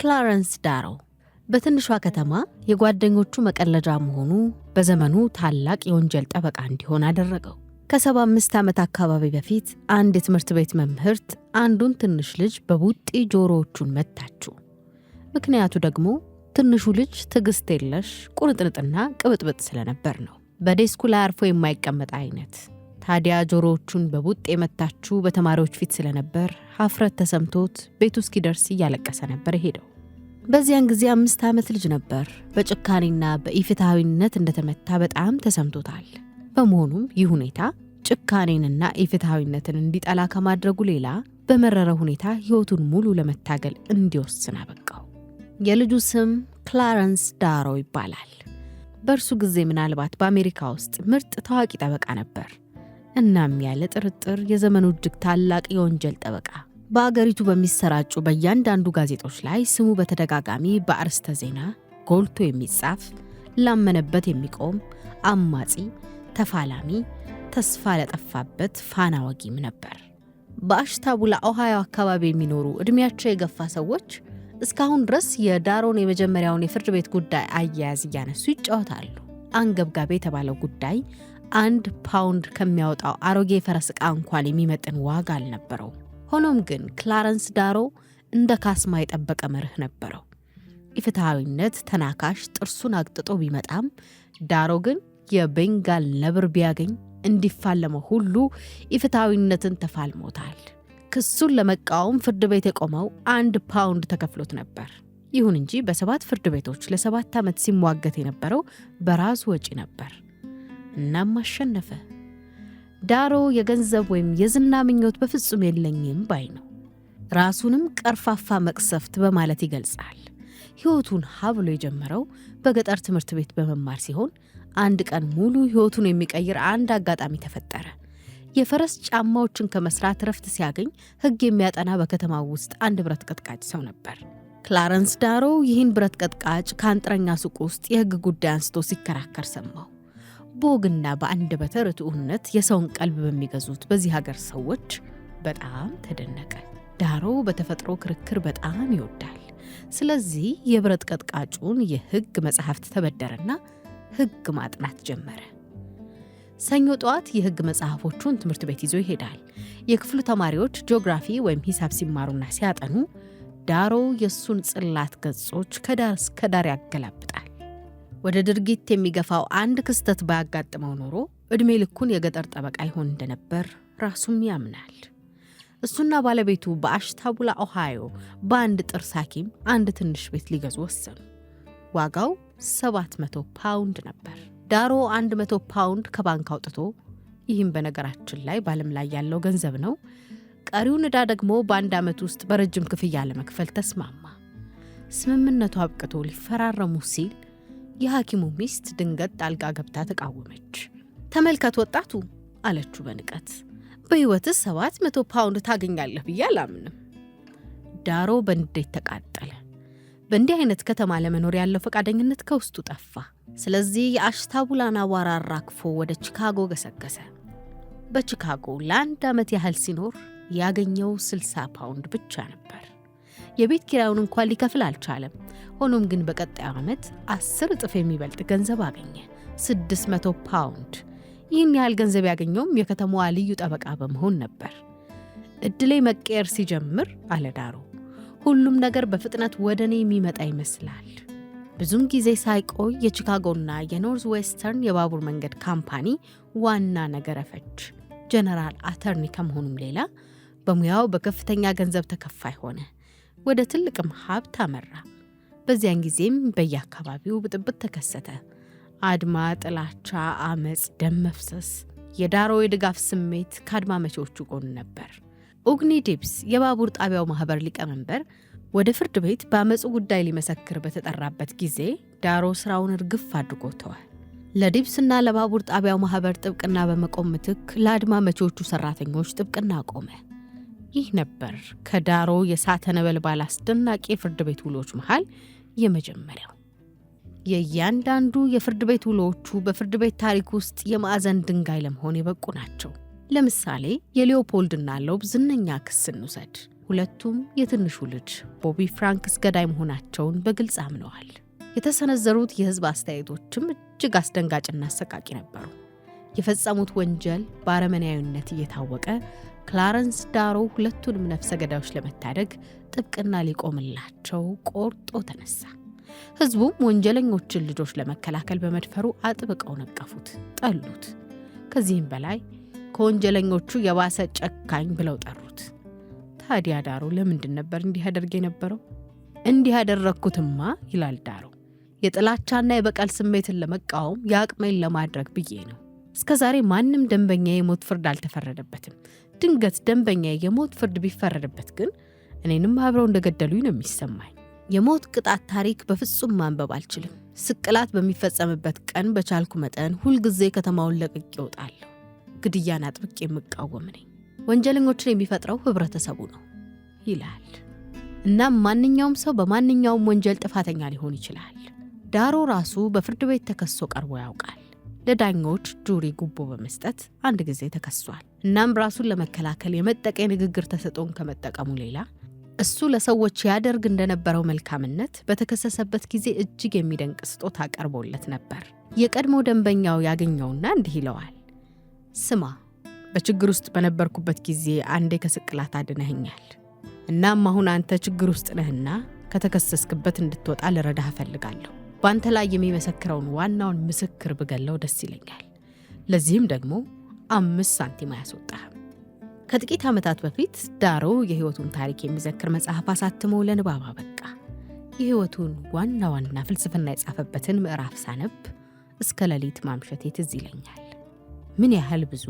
ክላረንስ ዳሮ በትንሿ ከተማ የጓደኞቹ መቀለጃ መሆኑ በዘመኑ ታላቅ የወንጀል ጠበቃ እንዲሆን አደረገው። ከ75 ዓመት አካባቢ በፊት አንድ የትምህርት ቤት መምህርት አንዱን ትንሽ ልጅ በቡጢ ጆሮዎቹን መታችው። ምክንያቱ ደግሞ ትንሹ ልጅ ትዕግስት የለሽ ቁንጥንጥና ቅብጥብጥ ስለነበር ነው። በዴስኩ ላይ አርፎ የማይቀመጥ አይነት ታዲያ ጆሮዎቹን በቡጥ የመታችሁ በተማሪዎች ፊት ስለነበር ሀፍረት ተሰምቶት ቤቱ እስኪደርስ እያለቀሰ ነበር ሄደው። በዚያን ጊዜ አምስት ዓመት ልጅ ነበር። በጭካኔና በኢፍትሐዊነት እንደተመታ በጣም ተሰምቶታል። በመሆኑም ይህ ሁኔታ ጭካኔንና ኢፍትሐዊነትን እንዲጠላ ከማድረጉ ሌላ በመረረ ሁኔታ ሕይወቱን ሙሉ ለመታገል እንዲወስን አበቃው። የልጁ ስም ክላረንስ ዳሮ ይባላል። በእርሱ ጊዜ ምናልባት በአሜሪካ ውስጥ ምርጥ ታዋቂ ጠበቃ ነበር። እናም ያለ ጥርጥር የዘመኑ እጅግ ታላቅ የወንጀል ጠበቃ በአገሪቱ በሚሰራጩ በእያንዳንዱ ጋዜጦች ላይ ስሙ በተደጋጋሚ በአርስተ ዜና ጎልቶ የሚጻፍ ላመነበት የሚቆም አማጺ፣ ተፋላሚ፣ ተስፋ ለጠፋበት ፋና ወጊም ነበር። በአሽታቡላ ኦሃዮ አካባቢ የሚኖሩ ዕድሜያቸው የገፋ ሰዎች እስካሁን ድረስ የዳሮን የመጀመሪያውን የፍርድ ቤት ጉዳይ አያያዝ እያነሱ ይጫወታሉ። አንገብጋቢ የተባለው ጉዳይ አንድ ፓውንድ ከሚያወጣው አሮጌ ፈረስ ዕቃ እንኳን የሚመጥን ዋጋ አልነበረው። ሆኖም ግን ክላረንስ ዳሮ እንደ ካስማ የጠበቀ መርህ ነበረው። ኢፍትሐዊነት ተናካሽ ጥርሱን አግጥጦ ቢመጣም ዳሮ ግን የቤንጋል ነብር ቢያገኝ እንዲፋለመው ሁሉ ኢፍትሐዊነትን ተፋልሞታል። ክሱን ለመቃወም ፍርድ ቤት የቆመው አንድ ፓውንድ ተከፍሎት ነበር። ይሁን እንጂ በሰባት ፍርድ ቤቶች ለሰባት ዓመት ሲሟገት የነበረው በራሱ ወጪ ነበር። እናም አሸነፈ። ዳሮ የገንዘብ ወይም የዝና ምኞት በፍጹም የለኝም ባይ ነው። ራሱንም ቀርፋፋ መቅሰፍት በማለት ይገልጻል። ሕይወቱን ሀብሎ የጀመረው በገጠር ትምህርት ቤት በመማር ሲሆን አንድ ቀን ሙሉ ሕይወቱን የሚቀይር አንድ አጋጣሚ ተፈጠረ። የፈረስ ጫማዎችን ከመስራት ረፍት ሲያገኝ ሕግ የሚያጠና በከተማው ውስጥ አንድ ብረት ቀጥቃጭ ሰው ነበር። ክላረንስ ዳሮ ይህን ብረት ቀጥቃጭ ከአንጥረኛ ሱቅ ውስጥ የሕግ ጉዳይ አንስቶ ሲከራከር ሰማው። በወግና በአንደበተ ርቱዕነት የሰውን ቀልብ በሚገዙት በዚህ ሀገር ሰዎች በጣም ተደነቀ። ዳሮ በተፈጥሮ ክርክር በጣም ይወዳል። ስለዚህ የብረት ቀጥቃጩን የሕግ መጽሐፍት ተበደረና ሕግ ማጥናት ጀመረ። ሰኞ ጠዋት የሕግ መጽሐፎቹን ትምህርት ቤት ይዞ ይሄዳል። የክፍሉ ተማሪዎች ጂኦግራፊ ወይም ሂሳብ ሲማሩና ሲያጠኑ ዳሮ የእሱን ጽላት ገጾች ከዳር እስከ ዳር ያገላብጣል። ወደ ድርጊት የሚገፋው አንድ ክስተት ባያጋጥመው ኖሮ ዕድሜ ልኩን የገጠር ጠበቃ ይሆን እንደነበር ራሱም ያምናል። እሱና ባለቤቱ በአሽታቡላ ኦሃዮ በአንድ ጥርስ ሐኪም አንድ ትንሽ ቤት ሊገዙ ወሰኑ። ዋጋው 700 ፓውንድ ነበር። ዳሮ 100 ፓውንድ ከባንክ አውጥቶ ይህም በነገራችን ላይ በዓለም ላይ ያለው ገንዘብ ነው። ቀሪውን ዕዳ ደግሞ በአንድ ዓመት ውስጥ በረጅም ክፍያ ለመክፈል ተስማማ። ስምምነቱ አብቅቶ ሊፈራረሙ ሲል የሐኪሙ ሚስት ድንገት ጣልቃ ገብታ ተቃወመች። ተመልከት ወጣቱ አለችው በንቀት በሕይወትስ ሰባት መቶ ፓውንድ ታገኛለህ ብዬ አላምንም። ዳሮ በንዴት ተቃጠለ። በእንዲህ አይነት ከተማ ለመኖር ያለው ፈቃደኝነት ከውስጡ ጠፋ። ስለዚህ የአሽታቡላን አቧራ አራግፎ ወደ ቺካጎ ገሰገሰ። በቺካጎ ለአንድ ዓመት ያህል ሲኖር ያገኘው 60 ፓውንድ ብቻ ነበር። የቤት ኪራዩን እንኳን ሊከፍል አልቻለም። ሆኖም ግን በቀጣዩ ዓመት አስር እጥፍ የሚበልጥ ገንዘብ አገኘ፣ 600 ፓውንድ። ይህን ያህል ገንዘብ ያገኘውም የከተማዋ ልዩ ጠበቃ በመሆን ነበር። እድሌ መቀየር ሲጀምር አለዳሩ ሁሉም ነገር በፍጥነት ወደ እኔ የሚመጣ ይመስላል። ብዙም ጊዜ ሳይቆይ የቺካጎና የኖርዝ ዌስተርን የባቡር መንገድ ካምፓኒ ዋና ነገር ፈጅ ጀነራል አተርኒ ከመሆኑም ሌላ በሙያው በከፍተኛ ገንዘብ ተከፋይ ሆነ። ወደ ትልቅም ሀብት አመራ። በዚያን ጊዜም በየአካባቢው ብጥብጥ ተከሰተ። አድማ፣ ጥላቻ፣ አመፅ፣ ደም መፍሰስ፣ የዳሮ የድጋፍ ስሜት ከአድማ መቼዎቹ ጎን ነበር። ኡግኒ ዲብስ የባቡር ጣቢያው ማህበር ሊቀመንበር ወደ ፍርድ ቤት በአመፁ ጉዳይ ሊመሰክር በተጠራበት ጊዜ ዳሮ ስራውን እርግፍ አድርጎ ተዋል። ለዲብስና ለባቡር ጣቢያው ማህበር ጥብቅና በመቆም ምትክ ለአድማ መቼዎቹ ሰራተኞች ጥብቅና ቆመ። ይህ ነበር ከዳሮ የእሳተ ነበልባል አስደናቂ የፍርድ ቤት ውሎች መሃል የመጀመሪያው። የእያንዳንዱ የፍርድ ቤት ውሎቹ በፍርድ ቤት ታሪክ ውስጥ የማዕዘን ድንጋይ ለመሆን የበቁ ናቸው። ለምሳሌ የሊዮፖልድና ሎብ ዝነኛ ክስ እንውሰድ። ሁለቱም የትንሹ ልጅ ቦቢ ፍራንክስ ገዳይ መሆናቸውን በግልጽ አምነዋል። የተሰነዘሩት የህዝብ አስተያየቶችም እጅግ አስደንጋጭና አሰቃቂ ነበሩ። የፈጸሙት ወንጀል በአረመናዊነት እየታወቀ ክላረንስ ዳሮ ሁለቱንም ነፍሰ ገዳዮች ለመታደግ ጥብቅና ሊቆምላቸው ቆርጦ ተነሳ። ህዝቡም ወንጀለኞችን ልጆች ለመከላከል በመድፈሩ አጥብቀው ነቀፉት፣ ጠሉት። ከዚህም በላይ ከወንጀለኞቹ የባሰ ጨካኝ ብለው ጠሩት። ታዲያ ዳሮ ለምንድን ነበር እንዲህ ያደርግ የነበረው? እንዲህ ያደረግኩትማ ይላል ዳሮ፣ የጥላቻና የበቀል ስሜትን ለመቃወም የአቅሜን ለማድረግ ብዬ ነው እስከዛሬ ማንም ደንበኛ የሞት ፍርድ አልተፈረደበትም። ድንገት ደንበኛ የሞት ፍርድ ቢፈረድበት ግን እኔንም አብረው እንደገደሉኝ ነው የሚሰማኝ። የሞት ቅጣት ታሪክ በፍጹም ማንበብ አልችልም። ስቅላት በሚፈጸምበት ቀን በቻልኩ መጠን ሁልጊዜ ከተማውን ለቅቄ እወጣለሁ። ግድያን አጥብቅ የምቃወም ነኝ። ወንጀለኞችን የሚፈጥረው ህብረተሰቡ ነው ይላል። እናም ማንኛውም ሰው በማንኛውም ወንጀል ጥፋተኛ ሊሆን ይችላል። ዳሮ ራሱ በፍርድ ቤት ተከሶ ቀርቦ ያውቃል። ለዳኞች ጁሪ ጉቦ በመስጠት አንድ ጊዜ ተከሷል። እናም ራሱን ለመከላከል የመጠቀ የንግግር ተሰጥኦን ከመጠቀሙ ሌላ እሱ ለሰዎች ያደርግ እንደነበረው መልካምነት በተከሰሰበት ጊዜ እጅግ የሚደንቅ ስጦታ ቀርቦለት ነበር። የቀድሞ ደንበኛው ያገኘውና እንዲህ ይለዋል፣ ስማ በችግር ውስጥ በነበርኩበት ጊዜ አንዴ ከስቅላት አድነህኛል። እናም አሁን አንተ ችግር ውስጥ ነህና ከተከሰስክበት እንድትወጣ ልረዳህ እፈልጋለሁ። በአንተ ላይ የሚመሰክረውን ዋናውን ምስክር ብገለው ደስ ይለኛል። ለዚህም ደግሞ አምስት ሳንቲም አያስወጣህም። ከጥቂት ዓመታት በፊት ዳሮ የሕይወቱን ታሪክ የሚዘክር መጽሐፍ አሳትሞ ለንባብ አበቃ። የሕይወቱን ዋና ዋና ፍልስፍና የጻፈበትን ምዕራፍ ሳነብ እስከ ሌሊት ማምሸቴ ትዝ ይለኛል። ምን ያህል ብዙ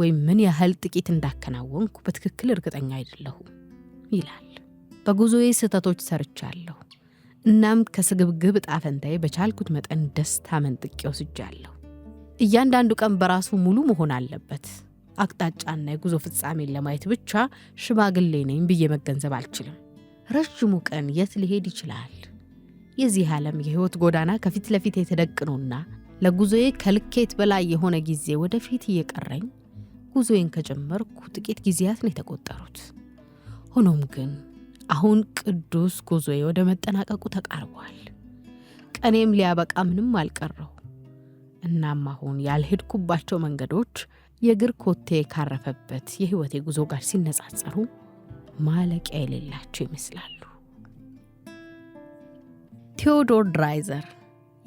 ወይም ምን ያህል ጥቂት እንዳከናወንኩ በትክክል እርግጠኛ አይደለሁም ይላል። በጉዞዬ ስህተቶች ሰርቻለሁ እናም ከስግብግብ ጣፈንታዬ በቻልኩት መጠን ደስታ መንጥቄ ወስጃለሁ። እያንዳንዱ ቀን በራሱ ሙሉ መሆን አለበት። አቅጣጫና የጉዞ ፍጻሜን ለማየት ብቻ ሽማግሌ ነኝ ብዬ መገንዘብ አልችልም። ረዥሙ ቀን የት ሊሄድ ይችላል? የዚህ ዓለም የሕይወት ጎዳና ከፊት ለፊት የተደቅኖና ለጉዞዬ ከልኬት በላይ የሆነ ጊዜ ወደፊት እየቀረኝ ጉዞዬን ከጀመርኩ ጥቂት ጊዜያት ነው የተቆጠሩት። ሆኖም ግን አሁን ቅዱስ ጉዞዬ ወደ መጠናቀቁ ተቃርቧል። ቀኔም ሊያበቃ ምንም አልቀረው። እናም አሁን ያልሄድኩባቸው መንገዶች የእግር ኮቴ ካረፈበት የህይወቴ ጉዞ ጋር ሲነጻጸሩ ማለቂያ የሌላቸው ይመስላሉ። ቴዎዶር ድራይዘር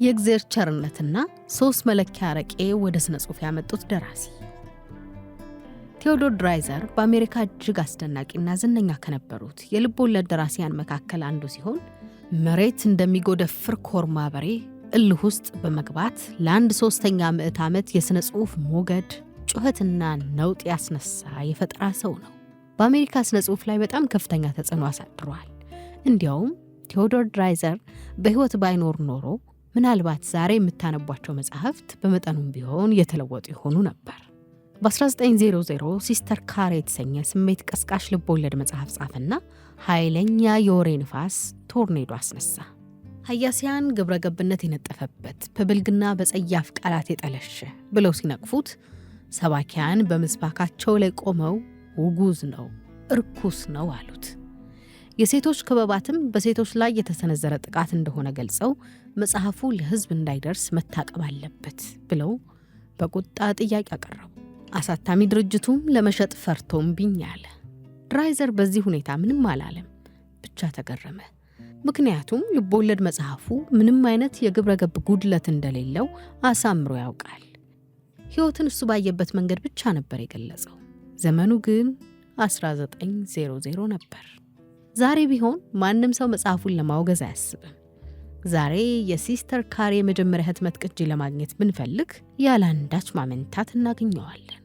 የእግዜር ቸርነትና ሶስት መለኪያ አረቄ ወደ ስነ ጽሑፍ ያመጡት ደራሲ ቴዎዶር ድራይዘር በአሜሪካ እጅግ አስደናቂና ዝነኛ ከነበሩት የልብ ወለድ ደራሲያን መካከል አንዱ ሲሆን መሬት እንደሚጎደፍር ኮርማ በሬ እልህ ውስጥ በመግባት ለአንድ ሶስተኛ ምዕት ዓመት የሥነ ጽሑፍ ሞገድ ጩኸትና ነውጥ ያስነሳ የፈጠራ ሰው ነው። በአሜሪካ ሥነ ጽሑፍ ላይ በጣም ከፍተኛ ተጽዕኖ አሳድሯል። እንዲያውም ቴዎዶር ድራይዘር በሕይወት ባይኖር ኖሮ ምናልባት ዛሬ የምታነቧቸው መጽሐፍት በመጠኑም ቢሆን የተለወጡ የሆኑ ነበር። በ1900 ሲስተር ካር የተሰኘ ስሜት ቀስቃሽ ልቦወለድ መጽሐፍ ጻፍና ኃይለኛ የወሬ ንፋስ ቶርኔዶ አስነሳ። ሀያሲያን ግብረ ገብነት የነጠፈበት በብልግና በጸያፍ ቃላት የጠለሸ ብለው ሲነቅፉት ሰባኪያን በምስባካቸው ላይ ቆመው ውጉዝ ነው፣ እርኩስ ነው አሉት። የሴቶች ክበባትም በሴቶች ላይ የተሰነዘረ ጥቃት እንደሆነ ገልጸው መጽሐፉ ለሕዝብ እንዳይደርስ መታቀብ አለበት ብለው በቁጣ ጥያቄ አቀረቡ። አሳታሚ ድርጅቱም ለመሸጥ ፈርቶብኝ አለ። ድራይዘር በዚህ ሁኔታ ምንም አላለም፣ ብቻ ተገረመ። ምክንያቱም ልቦለድ መጽሐፉ ምንም አይነት የግብረ ገብ ጉድለት እንደሌለው አሳምሮ ያውቃል። ሕይወትን እሱ ባየበት መንገድ ብቻ ነበር የገለጸው። ዘመኑ ግን 1900 ነበር። ዛሬ ቢሆን ማንም ሰው መጽሐፉን ለማውገዝ አያስብም። ዛሬ የሲስተር ካሬ የመጀመሪያ ህትመት ቅጂ ለማግኘት ብንፈልግ ያለ አንዳች ማመንታት እናገኘዋለን።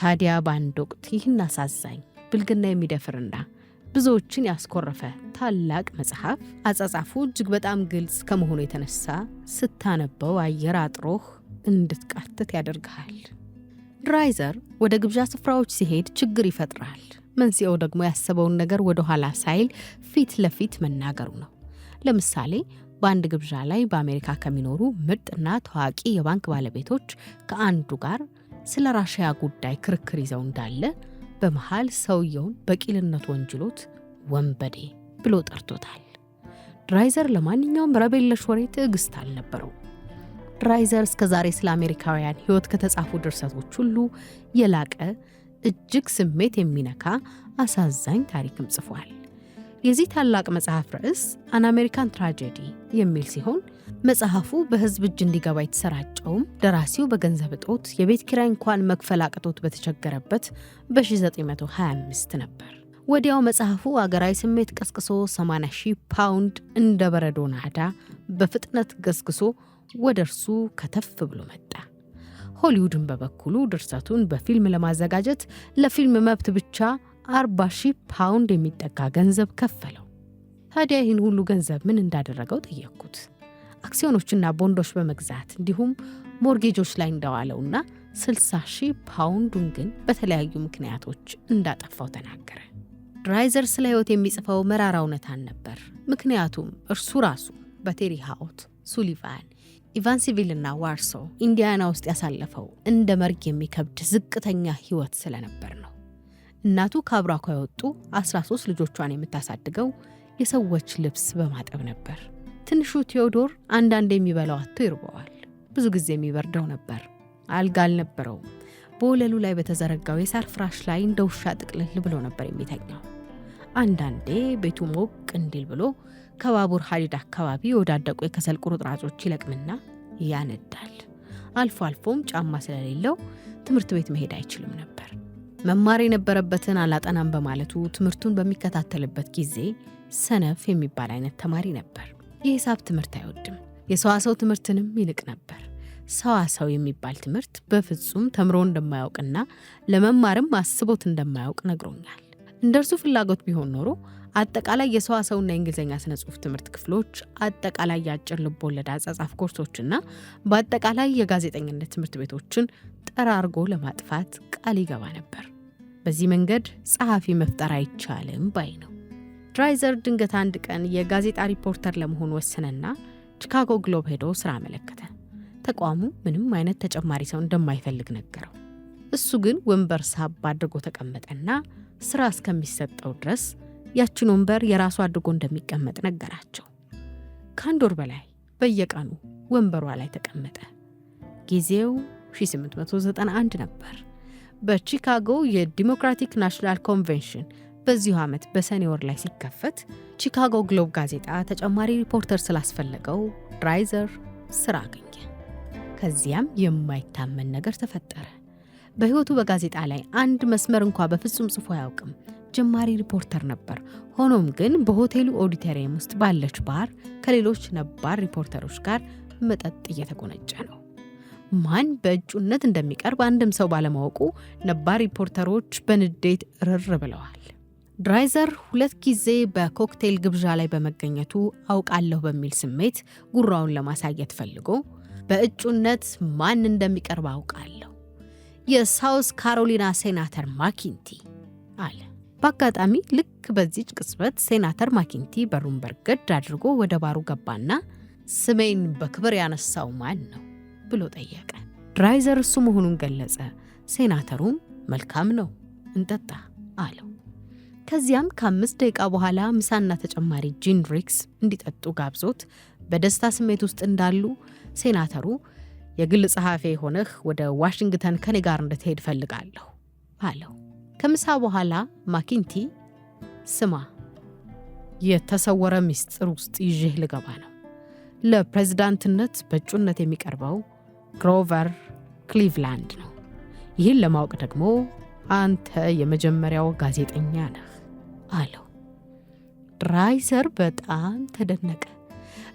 ታዲያ በአንድ ወቅት ይህን አሳዛኝ ብልግና የሚደፍርና ብዙዎችን ያስኮረፈ ታላቅ መጽሐፍ አጻጻፉ እጅግ በጣም ግልጽ ከመሆኑ የተነሳ ስታነበው አየር አጥሮህ እንድትቃትት ያደርግሃል። ድራይዘር ወደ ግብዣ ስፍራዎች ሲሄድ ችግር ይፈጥራል። መንስኤው ደግሞ ያሰበውን ነገር ወደ ኋላ ሳይል ፊት ለፊት መናገሩ ነው። ለምሳሌ በአንድ ግብዣ ላይ በአሜሪካ ከሚኖሩ ምርጥና ታዋቂ የባንክ ባለቤቶች ከአንዱ ጋር ስለ ራሽያ ጉዳይ ክርክር ይዘው እንዳለ በመሃል ሰውየውን በቂልነት ወንጅሎት ወንበዴ ብሎ ጠርቶታል። ድራይዘር ለማንኛውም ረቤለሽ ወሬ ትዕግስት አልነበረው። ድራይዘር እስከ ዛሬ ስለ አሜሪካውያን ሕይወት ከተጻፉ ድርሰቶች ሁሉ የላቀ እጅግ ስሜት የሚነካ አሳዛኝ ታሪክም ጽፏል። የዚህ ታላቅ መጽሐፍ ርዕስ አን አሜሪካን ትራጀዲ የሚል ሲሆን መጽሐፉ በህዝብ እጅ እንዲገባ የተሰራጨውም ደራሲው በገንዘብ እጦት የቤት ኪራይ እንኳን መክፈል አቅቶት በተቸገረበት በ1925 ነበር። ወዲያው መጽሐፉ አገራዊ ስሜት ቀስቅሶ 80 ሺህ ፓውንድ እንደ በረዶ ናዳ በፍጥነት ገስግሶ ወደ እርሱ ከተፍ ብሎ መጣ። ሆሊውድን በበኩሉ ድርሰቱን በፊልም ለማዘጋጀት ለፊልም መብት ብቻ 40 ሺህ ፓውንድ የሚጠጋ ገንዘብ ከፈለው። ታዲያ ይህን ሁሉ ገንዘብ ምን እንዳደረገው ጠየቅኩት። አክሲዮኖችና ቦንዶች በመግዛት እንዲሁም ሞርጌጆች ላይ እንደዋለውና 60 ሺህ ፓውንዱን ግን በተለያዩ ምክንያቶች እንዳጠፋው ተናገረ። ድራይዘር ስለ ሕይወት የሚጽፈው መራራ እውነታን ነበር። ምክንያቱም እርሱ ራሱ በቴሪ ሃውት፣ ሱሊቫን፣ ሲቪልና ዋርሶ ኢንዲያና ውስጥ ያሳለፈው እንደ መርግ የሚከብድ ዝቅተኛ ሕይወት ስለነበር ነው። እናቱ ከአብራኳ የወጡ 13 ልጆቿን የምታሳድገው የሰዎች ልብስ በማጠብ ነበር። ትንሹ ቴዎዶር አንዳንድ የሚበላው አቶ ይርበዋል። ብዙ ጊዜ የሚበርደው ነበር። አልጋ አልነበረውም። በወለሉ ላይ በተዘረጋው የሳር ፍራሽ ላይ እንደ ውሻ ጥቅልል ብሎ ነበር የሚተኛው። አንዳንዴ ቤቱ ሞቅ እንዲል ብሎ ከባቡር ሀዲድ አካባቢ የወዳደቁ የከሰል ቁርጥራጮች ይለቅምና ያነዳል። አልፎ አልፎም ጫማ ስለሌለው ትምህርት ቤት መሄድ አይችልም ነበር። መማር የነበረበትን አላጠናም በማለቱ ትምህርቱን በሚከታተልበት ጊዜ ሰነፍ የሚባል አይነት ተማሪ ነበር። የሂሳብ ትምህርት አይወድም። የሰዋሰው ትምህርትንም ይንቅ ነበር። ሰዋሰው የሚባል ትምህርት በፍጹም ተምሮ እንደማያውቅና ለመማርም አስቦት እንደማያውቅ ነግሮኛል። እንደርሱ ፍላጎት ቢሆን ኖሮ አጠቃላይ የሰዋሰውና የእንግሊዝኛ ስነ ጽሁፍ ትምህርት ክፍሎች፣ አጠቃላይ የአጭር ወለድ አጻጻፍ ኮርሶችና በአጠቃላይ የጋዜጠኝነት ትምህርት ቤቶችን ጠራርጎ ለማጥፋት ቃል ይገባ ነበር። በዚህ መንገድ ጸሐፊ መፍጠር አይቻልም ባይ ነው። ድራይዘር ድንገት አንድ ቀን የጋዜጣ ሪፖርተር ለመሆን ወሰነና ቺካጎ ግሎብ ሄዶ ሥራ አመለከተ። ተቋሙ ምንም አይነት ተጨማሪ ሰው እንደማይፈልግ ነገረው። እሱ ግን ወንበር ሳብ አድርጎ ተቀመጠና ሥራ እስከሚሰጠው ድረስ ያችን ወንበር የራሱ አድርጎ እንደሚቀመጥ ነገራቸው። ከአንድ ወር በላይ በየቀኑ ወንበሯ ላይ ተቀመጠ። ጊዜው 1891 ነበር። በቺካጎ የዲሞክራቲክ ናሽናል ኮንቬንሽን በዚሁ ዓመት በሰኔ ወር ላይ ሲከፈት ቺካጎ ግሎብ ጋዜጣ ተጨማሪ ሪፖርተር ስላስፈለገው ራይዘር ስራ አገኘ። ከዚያም የማይታመን ነገር ተፈጠረ። በሕይወቱ በጋዜጣ ላይ አንድ መስመር እንኳ በፍጹም ጽፎ አያውቅም። ጀማሪ ሪፖርተር ነበር። ሆኖም ግን በሆቴሉ ኦዲተሪየም ውስጥ ባለች ባር ከሌሎች ነባር ሪፖርተሮች ጋር መጠጥ እየተጎነጨ ነው። ማን በእጩነት እንደሚቀርብ አንድም ሰው ባለማወቁ ነባር ሪፖርተሮች በንዴት ርር ብለዋል። ድራይዘር ሁለት ጊዜ በኮክቴል ግብዣ ላይ በመገኘቱ አውቃለሁ በሚል ስሜት ጉራውን ለማሳየት ፈልጎ በእጩነት ማን እንደሚቀርብ አውቃለሁ፣ የሳውስ ካሮሊና ሴናተር ማኪንቲ አለ። በአጋጣሚ ልክ በዚች ቅጽበት ሴናተር ማኪንቲ በሩን በርገድ አድርጎ ወደ ባሩ ገባና ስሜን በክብር ያነሳው ማን ነው ብሎ ጠየቀ። ድራይዘር እሱ መሆኑን ገለጸ። ሴናተሩም መልካም ነው እንጠጣ አለው። ከዚያም ከአምስት ደቂቃ በኋላ ምሳና ተጨማሪ ጂን ሪክስ እንዲጠጡ ጋብዞት በደስታ ስሜት ውስጥ እንዳሉ ሴናተሩ የግል ጸሐፊ ሆነህ ወደ ዋሽንግተን ከኔ ጋር እንድትሄድ ፈልጋለሁ አለው። ከምሳ በኋላ ማኪንቲ ስማ፣ የተሰወረ ሚስጥር ውስጥ ይዤህ ልገባ ነው። ለፕሬዚዳንትነት በእጩነት የሚቀርበው ግሮቨር ክሊቭላንድ ነው። ይህን ለማወቅ ደግሞ አንተ የመጀመሪያው ጋዜጠኛ ነህ አለው። ድራይሰር በጣም ተደነቀ።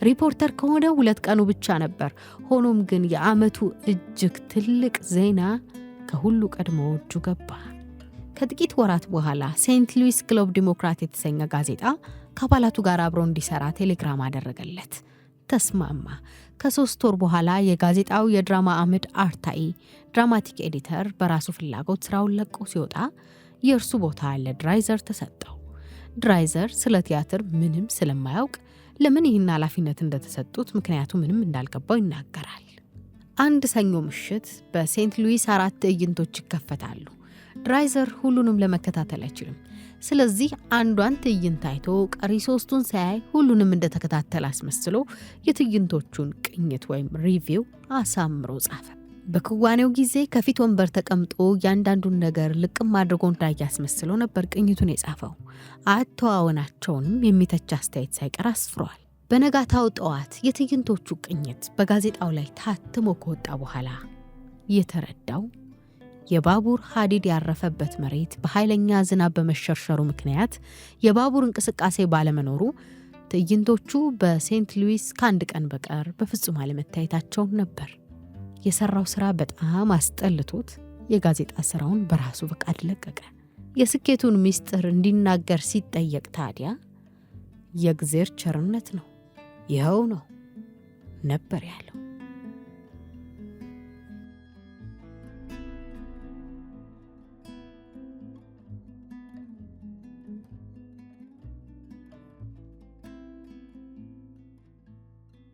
ሪፖርተር ከሆነ ሁለት ቀኑ ብቻ ነበር። ሆኖም ግን የዓመቱ እጅግ ትልቅ ዜና ከሁሉ ቀድሞ እጁ ገባ። ከጥቂት ወራት በኋላ ሴንት ሉዊስ ግሎብ ዲሞክራት የተሰኘ ጋዜጣ ከአባላቱ ጋር አብሮ እንዲሰራ ቴሌግራም አደረገለት። ተስማማ። ከሶስት ወር በኋላ የጋዜጣው የድራማ አምድ አርታይ ድራማቲክ ኤዲተር በራሱ ፍላጎት ስራውን ለቆ ሲወጣ የእርሱ ቦታ ለድራይዘር ተሰጠው። ድራይዘር ስለ ቲያትር ምንም ስለማያውቅ ለምን ይህን ኃላፊነት እንደተሰጡት ምክንያቱ ምንም እንዳልገባው ይናገራል። አንድ ሰኞ ምሽት በሴንት ሉዊስ አራት ትዕይንቶች ይከፈታሉ። ድራይዘር ሁሉንም ለመከታተል አይችልም። ስለዚህ አንዷን ትዕይንት አይቶ ቀሪ ሶስቱን ሳያይ ሁሉንም እንደተከታተል አስመስሎ የትዕይንቶቹን ቅኝት ወይም ሪቪው አሳምሮ ጻፈ። በክዋኔው ጊዜ ከፊት ወንበር ተቀምጦ እያንዳንዱን ነገር ልቅም አድርጎ እንዳየ አስመስሎ ነበር ቅኝቱን የጻፈው። አተዋወናቸውንም የሚተች አስተያየት ሳይቀር አስፍሯል። በነጋታው ጠዋት የትዕይንቶቹ ቅኝት በጋዜጣው ላይ ታትሞ ከወጣ በኋላ የተረዳው የባቡር ሀዲድ ያረፈበት መሬት በኃይለኛ ዝናብ በመሸርሸሩ ምክንያት የባቡር እንቅስቃሴ ባለመኖሩ ትዕይንቶቹ በሴንት ሉዊስ ከአንድ ቀን በቀር በፍጹም አለመታየታቸው ነበር። የሰራው ስራ በጣም አስጠልቶት የጋዜጣ ስራውን በራሱ ፈቃድ ለቀቀ። የስኬቱን ምስጢር እንዲናገር ሲጠየቅ ታዲያ የእግዜር ቸርነት ነው፣ ይኸው ነው ነበር ያለ።